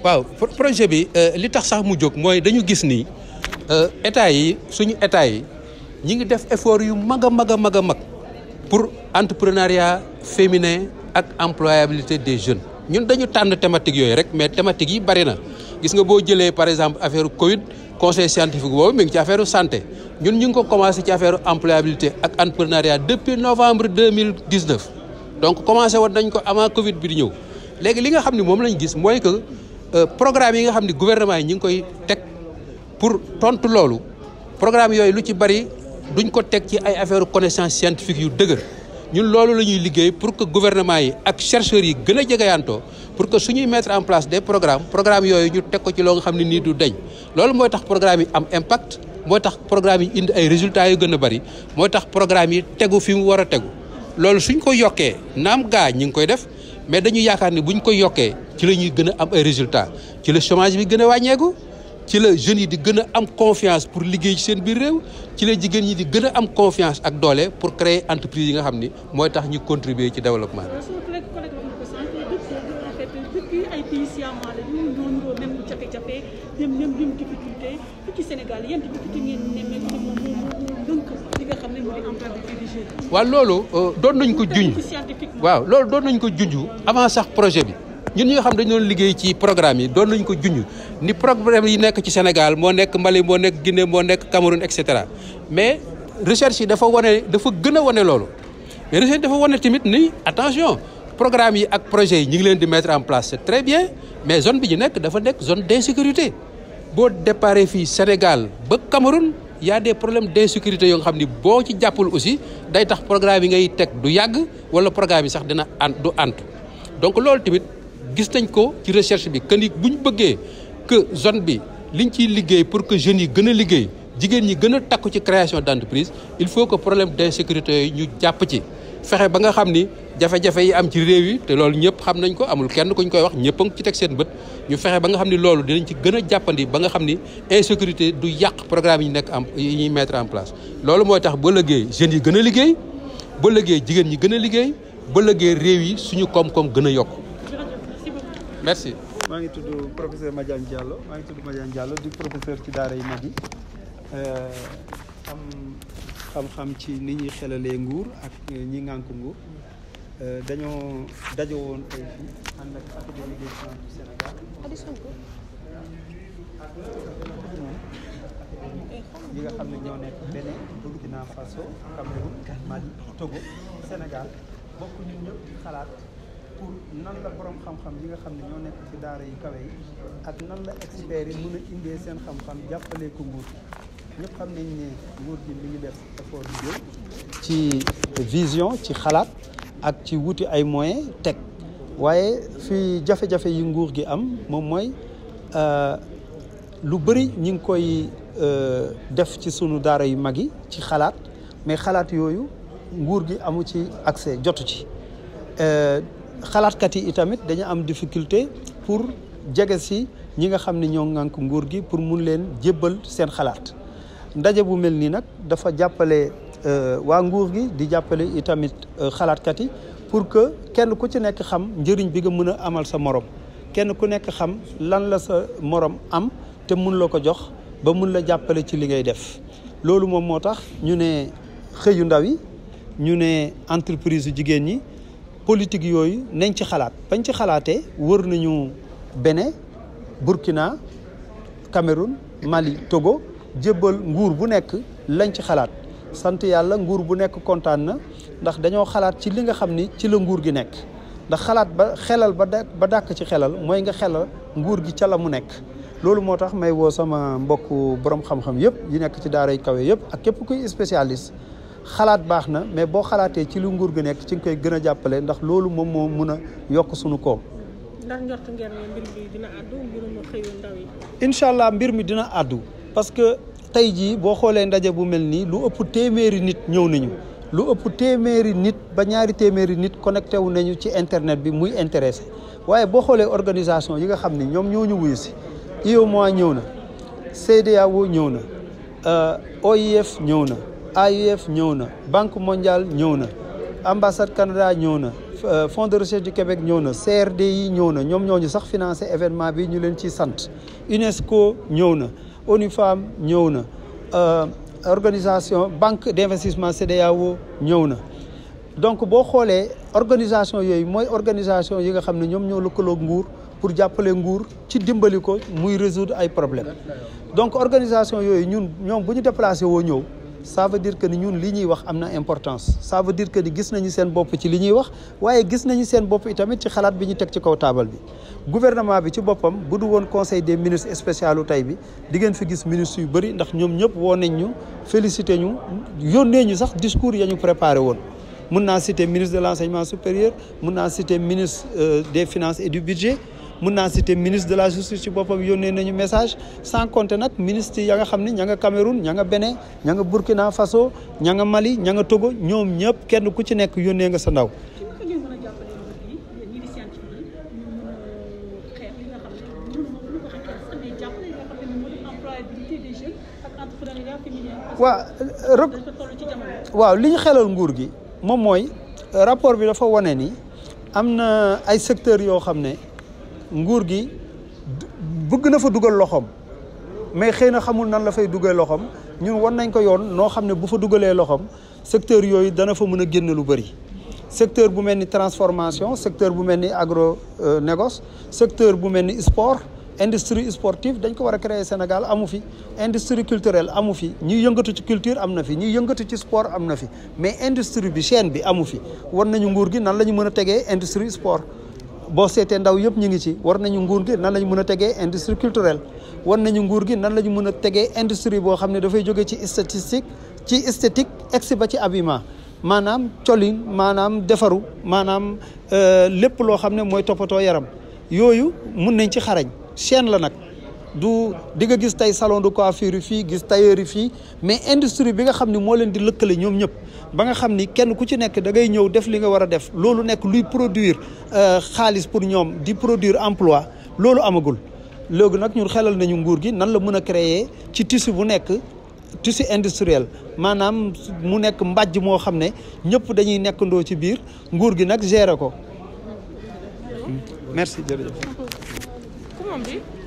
waaw projet bi euh, li tax sax mu jóg mooy dañu gis ni euh, état yi suñu état yi ñu ngi def effort yu mag a mag a mag a mag pour entrepreneuriat féminin ak employabilité des jeunes ñun dañu tànn thématique yooyu rek mais thématique yi bari na gis nga boo jëlee par exemple affaire Covid conseil scientifique boobu mi ngi ci affaire santé ñun ñu ngi ko commencé ci affaire employabilité ak entrepreneuriat depuis novembre 2019 donc commencé woon nañ ko avant Covid bi di ñëw léegi li nga xam ne moom lañ gis mooy que Euh, programme yi nga xam ne gouvernement yi ñu ngi koy teg pour tontu loolu programme yooyu lu ci bari duñ ko teg ci ay affaire connaissance scientifique yu dëgër ñun loolu la ñuy liggéey pour que gouvernement yi ak chercheurs yi gën a jegeyantoo pour que suñuy mettre en place des programmes programme yooyu ñu teg ko ci loo nga xam ne nii du deñ loolu mooy tax programme yi am impact moo tax programme yi indi ay résultats yu gën a bari moo tax programme yi tegu fi mu war a tegu loolu suñ ko yokkee naam gaa ñi ngi koy def mais dañu yaakaar ni bu ñu koy yokkee ci la ñuy gën a am ay résultats ci la chômage bi gën a wàññeeku ci la jeunes yi di gën a am confiance pour liggéey ci seen biir réew ci la jigéen ñi di gën a am confiance ak doole pour créer entreprise yi nga xam ni mooy tax ñu contribuer ci développement jafe loolu euh, doon nañ ko junj waaw loolu doon nañ ko junj avant sax projet bi. ñun ñoo xam dañu doon liggéey ci programme yi doon nañ ko junj ni programme yi nekk ci Sénégal moo nekk mbali moo nekk Guinée moo nekk Cameroun et cetera mais recherche yi dafa wane dafa gën a wane loolu mais dafa wane tamit ni attention. programme yi ak projet yi ñu ngi leen di mettre en place c'est très bien mais zone bi ñu nekk dafa nekk zone de d'insécurité boo déparé fii Sénégal ba Cameroun y a des problèmes d'insécurité yoo nga xam ni boo ci jàppul aussi day tax programme yi ngay teg du yàgg wala programme yi sax dina ant du antu donc loolu tamit gis nañ ko ci recherche bi que ni bu ñu bëggee que zone bi liñ ciy liggéey pour que jeunes yi gën a liggéey jigéen ñi gën a takku ci création d'entreprise il faut que problème d'insécurité yooyu ñu jàpp ci fexe ba nga xam ni jafe-jafe yi am ci réew yi te loolu ñëpp xam nañ ko amul kenn ñu koy wax ñëpp a ci teg seen bët ñu fexe ba nga xam ni loolu dinañ ci gën a jàppandi ba nga xam ni insécurité du yàq programme yi nekk am yi ñuy mettre en place. loolu mooy tax ba liggéey jeunes yi gën a liggéey ba liggéey jigéen ñi gën a liggéey ba liggéey réew yi suñu koom-koom gën a yokk merci. maa ngi tudd professeur Madiagne Diallo maa ngi tudd Madiagne Diallo di professeur ci daara yi mag xam-xam ci ni ñuy xelalee nguur ak euh, ñi ngànk nguur euh, dañoo daje woon tey fii xam ne ñoo nekk Bénin Burkina Faso Cameroun bokk ñun ñëpp xalaat pour nan la borom xam-xam yi nga xam ne ñoo nekk ci daara yu kawe yi ak nan la experts yi a indee seen xam-xam jàppalee ko nguur ñëpp xam mi ngi def ci vision ci xalaat ak ci wuti ay moyen teg waaye fii jafe-jafe yi nguur gi am moom mooy euh, lu bëri ñi ngi koy euh, def ci sunu daara yu mag yi ci xalaat mais xalaat yooyu nguur gi amu ci accès jotu ci euh, xalaatkat yi itamit dañu am difficulté pour jege si ñi nga xam ni ñoo ŋànk nguur gi pour mun leen jébbal seen xalaat ndaje bu mel nii nag dafa jàppale euh, waa nguur gi di jàppale itamit euh, xalaatkat yi pour que kenn ku ci nekk xam njëriñ bi nga mën a amal sa morom kenn ku nekk xam lan la sa morom am te mun la ko jox ba mun la jàppale ci li ngay def loolu moom moo tax ñu ne xëyu ndaw yi ñu ne entreprise yu jigéen ñi politique yooyu nañ ci xalaat bañ ci xalaate wër nañu bene Burkina Cameroun Mali Togo jébbal nguur bu nekk lañ ci xalaat sant yàlla nguur bu nekk kontaan na ndax dañoo xalaat ci li nga xam ni ci la nguur gi nekk ndax xalaat ba xelal ba ba dàkk ci xelal mooy nga xelal nguur gi ca la mu nekk loolu moo tax may woo sama mbokk borom xam-xam yëpp yi nekk ci daaray kawe yëpp ak képp kuy spécialiste xalaat baax na mais boo xalaatee ci li nguur gi nekk ci nga koy gën a jàppale ndax loolu moom moo mun a yokk suñu koom. ndax mbir mi dina àddu incha allah mbir mi dina àddu parce que tey jii boo xoolee ndaje bu mel nii lu ëpp téeméeri nit ñëw nañu lu ëpp téeméeri nit ba ñaari téeméeri nit connecté wu nañu ci internet bi muy intéressé waaye boo xoolee organisation yi nga xam ni ñoom ñoo ñu wuyu si UEMOA ñëw na CEDEAO ñëw na euh, OIF ñëw na AIF ñëw na Banque mondiale ñëw na ambassade Canada ñëw na euh, Fonds de recherche du Québec ñëw na CRD yi ñëw na ñoom ñooñu sax financé événement bi ñu leen ci sant UNESCO ñëw na ONU Femmes ñëw na euh, organisation banque d'investissement CEDEAO ñëw na donc boo xoolee organisation yooyu mooy organisation yi nga xam ne ñoom ñoo lëkkaloo nguur pour jàppale nguur ci dimbali ko muy résoudre ay problèmes donc organisation yooyu ñun ñoom bu ñu déplacé woo ñëw ça veut que ni ñun li ñuy wax am na importance ça veut dire que ni gis nañu seen bopp ci li ñuy wax waaye gis nañu seen bopp itamit ci xalaat bi ñu teg ci kaw taabal bi gouvernement bi ci boppam bu du woon conseil des ministres spécialu tey bi di ngeen fi gis ministres yu bëri ndax ñoom ñëpp woo nañ ñu félicité ñu yónnee ñu sax discours ya ñu préparé woon mun naa citer ministre de l'enseignement supérieur mun naa citer ministre euh, des finances et du budget mun naa citer ministre de la justice ci boppam yónnee nañu message sans compter nag ministre ya nga xam ne ña nga Cameroun ña nga Bénin ña nga Burkina faço ña nga Mali ña nga Togo ñoom ñëpp kenn ku ci nekk yónnee nga sa ndaw. waa waaw li ñu xelal nguur gi moom mooy rapport bi dafa wane ni am na ay secteurs yoo xam ne. nguur gi bugg na fa dugal loxoom mais xëy na xamul nan la fay dugal loxoom ñun war nañ ko yoon noo xam ne bu fa dugalee loxoom secteur yooyu dana fa mën a génn lu bëri. secteur bu mel ni transformation secteur bu mel ni agro euh, négoce secteur bu mel ni sport industrie sportive dañ ko war a créer Sénégal amu fi industrie culturelle amu fi ñuy yëngatu ci culture am na fi ñuy yëngatu ci sport am na fi mais industrie bi chaîne bi amu fi war nañu nguur gi nan la ñu mën a tegee industrie sport. boo seetee ndaw yëpp ñu ngi ci war nañu nguur gi nan la mën a tegee industrie culturelle war nañu nguur gi nan la ñu mën a tegee industrie boo xam ne dafay jóge ci statistique ci esthétique egsi ba ci habillement maanaam colin maanaam defaru maanaam euh, lépp loo xam ne mooy toppatoo yaram yooyu mun nañ ci xarañ chaîne la nag du di nga gis tey salon de coiffure yi fii gis tailleur fii mais industrie bi nga xam ni moo leen di lëkkale ñoom ñëpp ba nga xam ni kenn ku ci nekk dangay ñëw def li nga war a def loolu nekk luy produire euh, xaalis pour ñoom di produire emploi loolu amagul léegi nag ñun xelal nañu nguur gi nan la mën a créer ci tissu bu nekk tissu industriel maanaam mu nekk mbàjj moo xam ne ñëpp dañuy nekkandoo ci biir nguur gi nag gérer ko merci jërëjëf